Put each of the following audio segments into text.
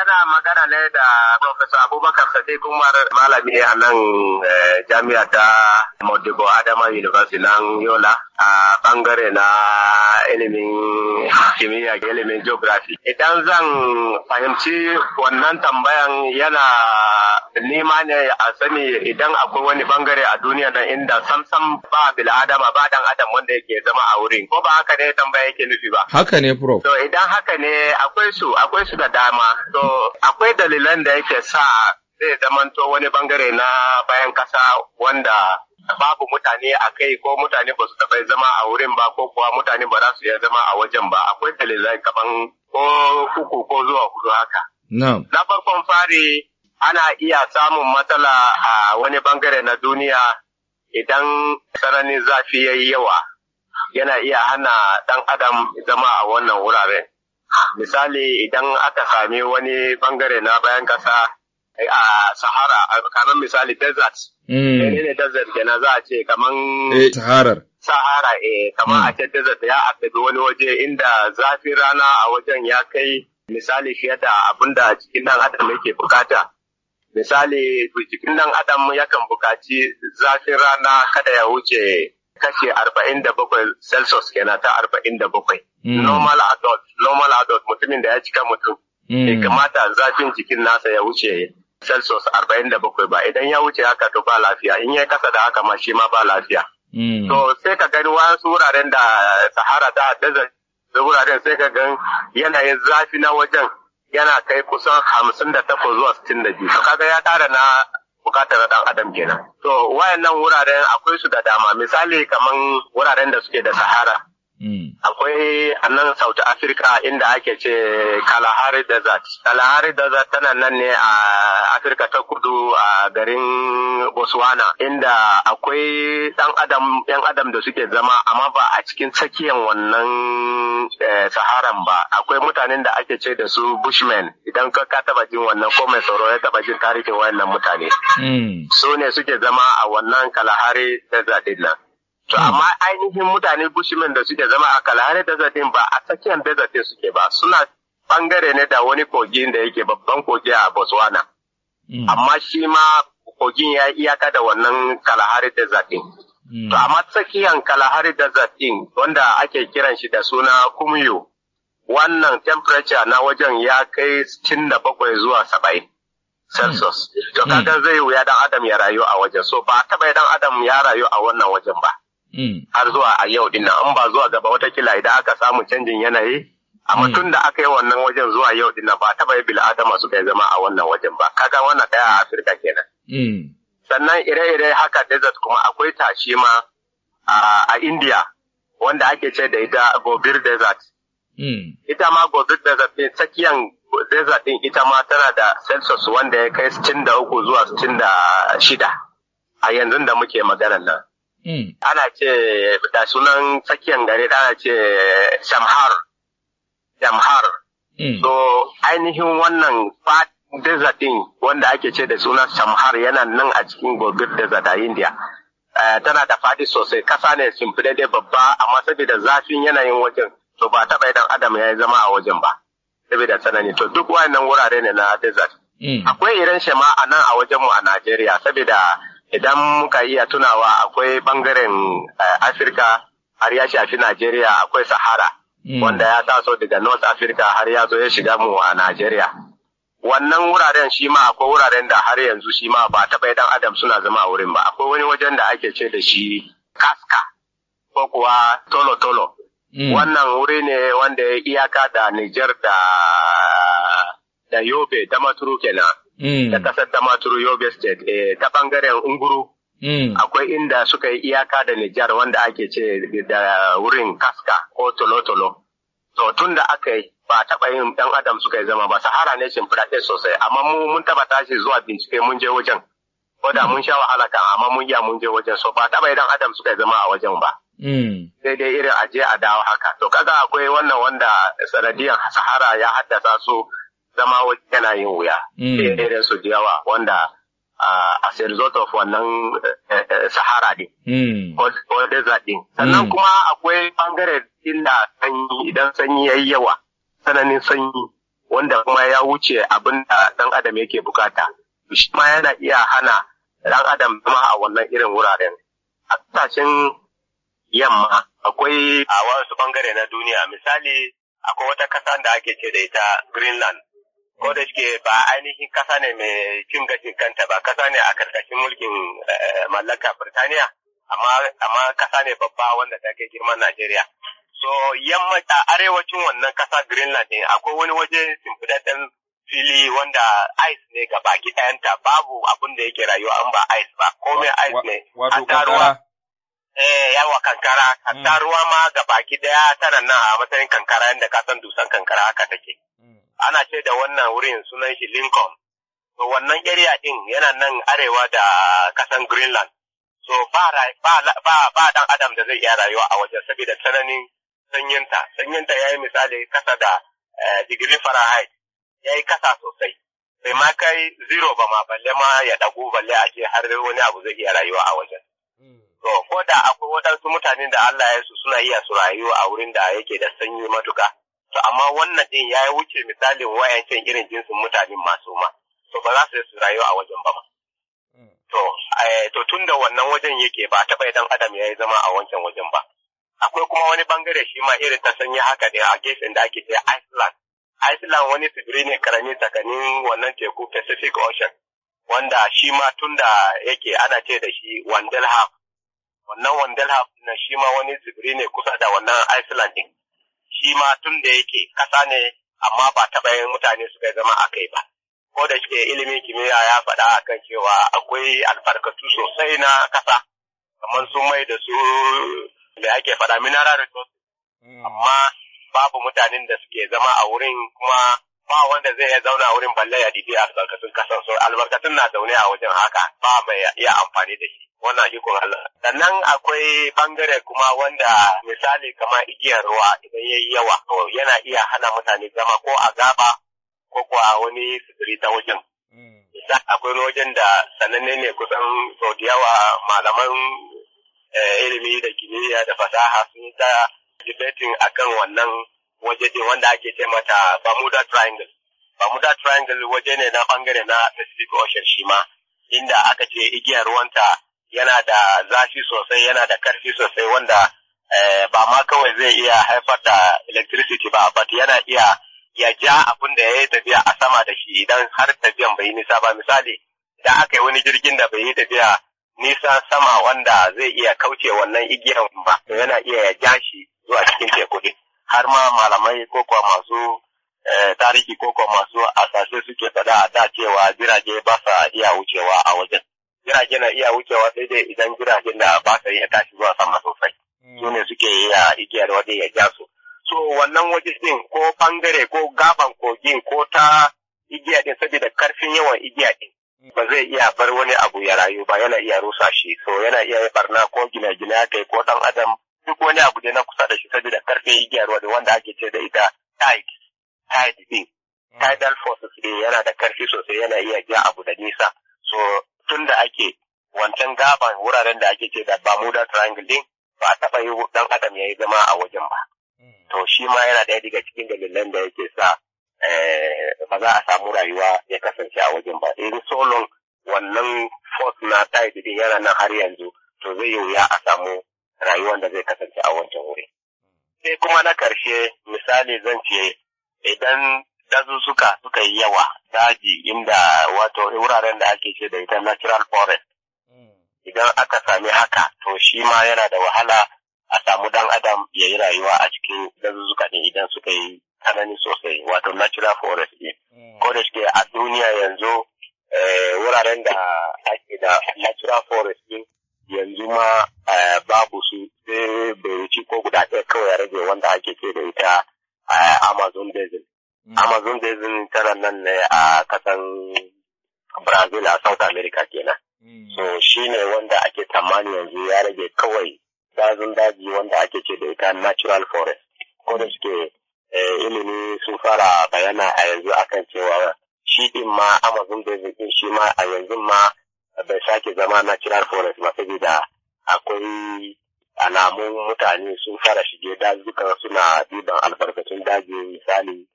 kana magana ne da Professor Abubakar Sadiq Umar malami a nan eh, jami'a ta Modibo Adama University nan Yola. a bangare na ilimin kimiyya da ilimin geography. Idan zan fahimci wannan tambayan yana nima ne a sani idan akwai wani bangare a duniya nan inda samsam ba bil'adama ba dan adam wanda yake zama a wurin ko ba haka ne tambaya yake nufi ba haka ne prof to idan haka ne akwai su akwai su da dama to akwai dalilan da yake sa zai zamanto wani bangare na bayan kasa wanda babu mutane a kai ko mutane ba su taɓa zama a wurin ba ko kuwa mutane ba za su iya zama a wajen ba akwai dalilai kaman ko uku ko zuwa hudu haka. Na farkon fari ana iya samun matsala a wani bangare na duniya idan sarani zafi ya yi yawa yana iya hana ɗan adam zama a wannan wuraren. Misali idan aka sami wani bangare na bayan ƙasa a Sahara kamar misali desert. Hmm. ne ne desert kenan za a ce kamar sahara eh, Sahara eh kamar hmm. a ce desert ya addabi wani waje inda zafin rana a wajen ya kai misali fiye da abin da cikin dan adam yake bukata. Misali cikin dan adam yakan bukaci zafin rana kada ya wuce kashe arba'in da bakwai celsius kenan ta arba'in da bakwai. Hmm. Normal adult, normal adult mutumin da ya cika mutum. ya kamata zafin jikin nasa ya wuce celsius arba'in da bakwai ba idan ya wuce haka to ba lafiya in ya kasa da haka ma shi ma ba lafiya. Hmm. To sai ka gani wasu wuraren da sahara ta haddaza da wuraren sai ka gan yanayin zafi na wajen yana kai kusan hamsin da takwas zuwa sittin da biyu. Kaga ya tara na bukatar dan adam kenan. To wayannan wuraren akwai su da dama misali kaman wuraren da suke da sahara. Mm. Akwai a nan South Africa inda ake ce Kalahari Desert. Kalahari Desert tana nan ne a Afirka ta kudu a garin Botswana inda akwai ɗan adam ɗan adam da suke zama amma ba a cikin tsakiyar wannan eh, Saharan ba. Akwai mutanen da ake ce da su Bushmen idan ka taba jin wannan ko mai tsoro ya taba jin tarihin wayannan mutane. Mm. Su ne suke zama a wannan Kalahari Desert din nan. To hmm. amma ainihin mutane bushimin da suke zama a kalahari desertin ba a tsakiyar desertin suke ba suna bangare ne da wani kogin da yake babban kogi a Botswana. Hmm. Amma shi ma kogin ya iyaka da wannan kalahari desertin. Hmm. To amma tsakiyar kalahari desertin wanda ake kiran shi da suna kumyo wannan temperature na wajen ya kai bakwai zuwa saba'in, Celsius. To kaga zai wuya dan Adam ya rayu a wajen. So ba a taba dan Adam ya rayu a wannan wajen ba. Mm. har zuwa a yau din an ba zuwa gaba wata kila idan aka samu canjin yanayi amma mm. tun da aka yi wannan wajen zuwa yau din ba taɓa yi bil'adama su kai zama a wannan wajen ba kaga wannan daya a afirka kenan mm. sannan ire-ire haka desert kuma akwai tashi ma a india wanda ake ce da ita gobir desert ita ma gobir desert ne tsakiyan desert din ita ma tana da celsius wanda ya kai 63 zuwa 66 a yanzu da muke maganar nan Mm. Ana ce da sunan tsakiyar gari ana ce Shamhar. Shamhar. Mm. So ainihin wannan fat desert wanda ake ce da sunan Shamhar yana nan a cikin gogir Desert a India. Eh, tana da fadi sosai kasa ne simfide dai babba amma saboda zafin yanayin wajen to ba taɓa idan adam ya yi zama a wajen ba saboda tsanani to duk wannan wurare ne na desert mm. akwai irin shema a nan a wajenmu a Najeriya saboda Idan muka iya tunawa akwai bangaren eh, Afirka har ya shafi Najeriya akwai Sahara. Hmm. Wanda ya taso daga North Africa har ya zo ya shiga mu a Najeriya. wannan wuraren shi ma akwai wuraren da har yanzu shi ma ba taɓa dan adam suna zama a wurin ba akwai wani wajen da ake ce da shi kaska ko kuwa tolo tolo hmm. wannan wuri ne wanda ya iyaka da Nijar da da Yobe da Maturu kenan da mm. kasar Damaturu Yobe State eh, ta bangaren Unguru. Mm. Akwai inda suka yi iyaka da Nijar wanda ake ce da wurin kaska ko tolotolo. To tun da aka yi ba taba yin ɗan adam suka yi zama ba sahara ne shimfiɗaɗɗe sosai amma mu mun taɓa tashi zuwa bincike mun je wajen. Ko da mun sha wahala kan amma mun iya mun je wajen so ba taba yi ɗan adam suka zama a wajen ba. Mm. Sai dai irin aje a dawo haka. To kaga akwai wannan wanda sanadiyan sahara ya haddasa su zama yana yin wuya. Mm. Irin su yawa wanda a result of wannan eh, eh, sahara din. Mm. Ko desert din. Sannan mm. kuma akwai bangare inda sanyi idan sanyi ya yi yawa. Sananin sanyi wanda kuma ya wuce abin da ɗan adam yake bukata. Shi ma yana iya hana ɗan adam zama a wannan irin wuraren. A ƙasashen yamma akwai a wasu bangare na duniya misali akwai wata ƙasa da ake ce da ita Greenland. ko da shi ba ainihin kasa ne mai cin gashin kanta ba kasa ne a karkashin mulkin eh, mallaka Birtaniya amma kasa ne babba wanda ta kai girman Najeriya. So a arewacin wannan kasa Greenland ne akwai wani waje simfudaden fili wanda ice ne ga baki ɗayanta babu abin da yake rayuwa an ba ice ba komai ice ne. Wato kankara. Eh yawa kankara hmm. hatta ruwa ma ga baki ɗaya tana nan a matsayin kankara yadda ka san dusan kankara haka take. Hmm. ana ce da wannan wurin sunan shi Lincoln. So wannan area din yana nan arewa da kasan Greenland. So ba ba dan adam da zai iya rayuwa a wajen saboda tsananin sanyinta. Sanyinta ya yi misali kasa da eh, digiri Fahrenheit. yi kasa sosai. Bai ma kai zero ba ma balle ma ya dagu balle a ce har wani abu zai iya rayuwa a wajen. Hmm. To ko da akwai waɗansu mutanen da Allah ya su suna iya su rayuwa a wurin da yake da sanyi matuka. to amma wannan din ya wuce misalin wayancin irin jinsin mutanen masu ma to ba za su yi su rayuwa a wajen ba ma mm. to eh, to tun da wannan wajen yake ba taɓa idan adam ya yi zama a wancan wajen ba akwai kuma wani bangare shi ma irin ta sanya haka ne a gefen da ake ce Iceland Iceland wani tsibiri ne karami tsakanin wannan teku Pacific Ocean wanda shi ma tun da yake ana ce da shi wandelhaf wannan wandelhaf na shi ma wani tsibiri ne kusa da wannan Iceland din shi ma tun da yake kasa ne amma ba taɓa yin mutane suka zama a kai ba. Ko da ke ilimin kimiyya ya faɗa a kan cewa akwai albarkatu sosai na kasa kamar sun mai da su da ake faɗa mineral resources. Mm. Amma babu mutanen da suke zama a wurin kuma ba wanda zai zauna a wurin balle ya a albarkatun kasan so albarkatun na zaune a wajen haka ba mai iya amfani da shi wannan ikon Allah sannan akwai bangare kuma wanda misali kamar igiyar ruwa idan yayi yawa yana iya hana mutane zama ko a gaba ko ko wani sitiri ta wajen mm. akwai wajen da sananne ne kusan sau da malaman eh, ilimi da kimiyya da fasaha sun ta debating akan wannan waje ne wanda ake ce mata Bermuda Triangle. Bermuda Triangle waje ne na bangare na Pacific Ocean shi ma, inda aka ce igiyar ruwanta yana da zafi sosai yana da karfi sosai wanda eh, ba ma kawai zai iya haifar da electricity ba, but yana iya ya ja abin da ya yi tafiya a sama da shi idan har tafiyan bai yi nisa ba misali idan aka yi wani jirgin da bai yi tafiya nisa sama wanda zai iya kauce wannan igiyan ba yana iya ya ja shi zuwa cikin teku. har ma malamai ko kuwa masu eh, tarihi ko kuwa masu asashe suke faɗa a da cewa jirage ba sa iya wucewa a wajen. Jirage na iya wucewa sai dai idan jiragen da ba sa iya tashi zuwa sama sosai. Mm. Su ne suke iya igiyar waje ya ja su. So wannan waje din ko bangare ko gaban kogin ko ta igiya din saboda karfin yawan igiya din. Mm. ba zai iya bar wani abu ya rayu ba yana iya rusa shi so yana iya yi barna ko gina gina ya kai ko ɗan adam duk wani abu da na kusa da shi saboda karfe gyaruwa da wanda ake ce da ita tide tide din hmm. tidal forces din yana da karfi sosai yana iya ja abu da nisa so tun da ake wancan gaban wuraren da ake ce da Bermuda Triangle din ba a taɓa yi dan adam ya yi zama a wajen ba hmm. to shi ma yana da daga cikin dalilan da yake sa eh, ba za a samu rayuwa ya kasance a wajen ba in so long wannan force na tide din yana nan har yanzu to zai yi wuya a samu rayuwar da zai kasance a wancan wuri. Sai kuma na karshe misali zan ce idan dazuzzuka suka yi yawa daji inda wato wuraren da ake ce da ita natural forest. Idan aka sami haka to shi ma yana da wahala a samu dan adam ya yi rayuwa a cikin dazuzzuka ne idan suka yi tsanani sosai wato natural forest ne. Ko da shi a duniya yanzu eh, wuraren da ake da natural forest ne. yanzu ma eh, babu su sai bai ci ko guda ɗaya kawai rage wanda ake ce da ita eh, Amazon Basin. Mm. Amazon Basin tana nan ne a kasan Brazil a South America kenan. Mm. So shi ne wanda ake tamani yanzu ya rage kawai dazun daji wanda ake ce da ita natural forest. Ko da suke eh, ilimi sun fara bayana a yanzu akan cewa shi din ma Amazon Basin shi ma a yanzu ma bai sake zama natural forest ba saboda akwai alamun mutane sun fara shige dazuka suna diban albarkacin daji misali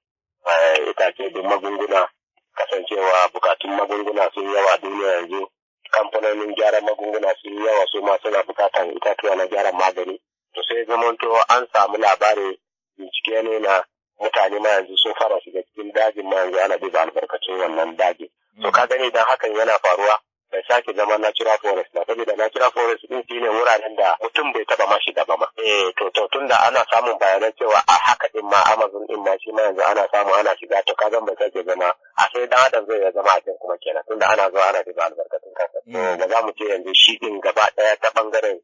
eh, itace da magunguna kasancewa bukatun magunguna sun yawa duniya yanzu kamfanonin gyaran magunguna sun yawa su ma suna bukatan itatuwa na gyaran magani to sai zamanto an samu labarin bincike ne na mutane ma yanzu sun fara shiga cikin dajin ma yanzu ana duba albarkacin wannan dajin to ka gani dan hakan yana faruwa ya sake zama natural forest na saboda natural forest din ne wuraren da mutum bai taba ma da ba eh to to tunda ana samun bayanan cewa a ah, haka din ma Amazon din ma shi ma yanzu ana samu ana shiga to kazan bai sake zama a sai dan adam zai ya zama a cikin kuma kenan tunda ana zuwa ana da albarkatun kansa to hmm. eh, ba za mu ce yanzu shi din gaba daya ta bangaren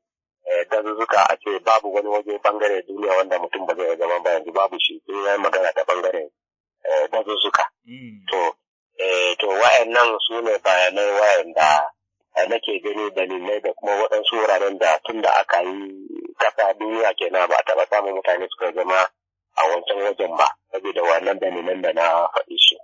eh, zuzuka a ce babu wani waje bangare duniya wanda mutum ba zai zama ba yanzu babu shi sai ya magana ta bangaren eh, dazuzzuka hmm. to Eh, to wa'annan su ne bayanai wa'anda nake gani dalilai da kuma waɗansu wuraren da tun da aka yi kasa duniya kenan ba a taɓa samun mutane suka zama a wancan wajen ba saboda wannan dalilan da na faɗi su.